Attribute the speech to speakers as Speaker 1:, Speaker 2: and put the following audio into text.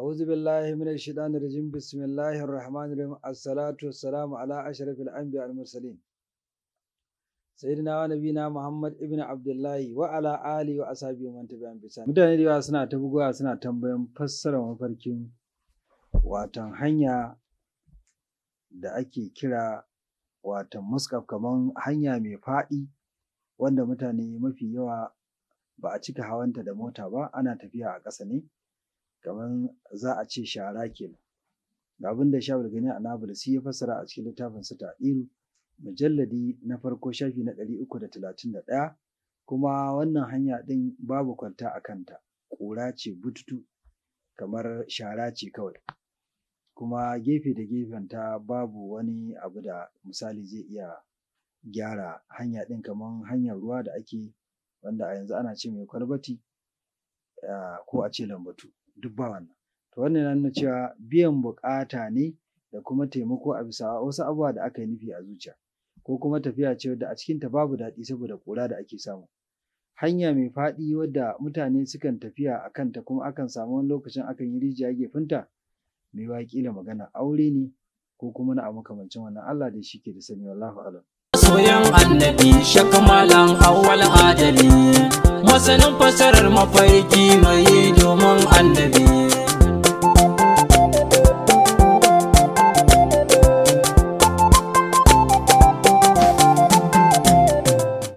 Speaker 1: أعوذ بالله من الشيطان الرجيم بسم الله الرحمن الرحيم الصلاة والسلام على أشرف الأنبياء المرسلين سيدنا ونبينا محمد ابن عبد الله وعلى آله وأصحابه ومن تبعهم بإحسان mutane da yawa suna ta bugowa suna tambayan fassara mafarkin watan hanya da ake kira watan muskaf kaman hanya mai faɗi wanda mutane mafi yawa ba a cika hawanta da mota ba ana tafiya a ƙasa ne kamar za a ce shara kenan ga abin da shawar gani a nablus ya fassara a cikin littafin su ta'iru mujalladi na farko shafi na ɗari uku da talatin da ɗaya kuma wannan hanya ɗin babu kwanta a kanta ƙura ce bututu kamar shara ce kawai kuma gefe da gefen ta babu wani abu da misali zai iya gyara hanya ɗin kamar hanyar ruwa da ake wanda a yanzu ana ce mai kwalbati Eh, ko a ce lambatu duk ba wannan to wannan yana nuna cewa biyan bukata ne da kuma taimako a bisa wasu abubuwa da aka yi nufi a zuciya ko kuma tafiya ce wadda a cikin ta babu daɗi saboda ƙura da ake samu hanya mai faɗi wadda mutane sukan tafiya a kanta kuma akan samu wani lokacin akan yi rijiya gefenta mai waƙi da magana aure ne ko kuma na abu kamancin wannan Allah da shi ke da sani wallahu alam. Soyan annabi shakamalan awwal adali.
Speaker 2: masanin fasarar mafarki mai domin annabi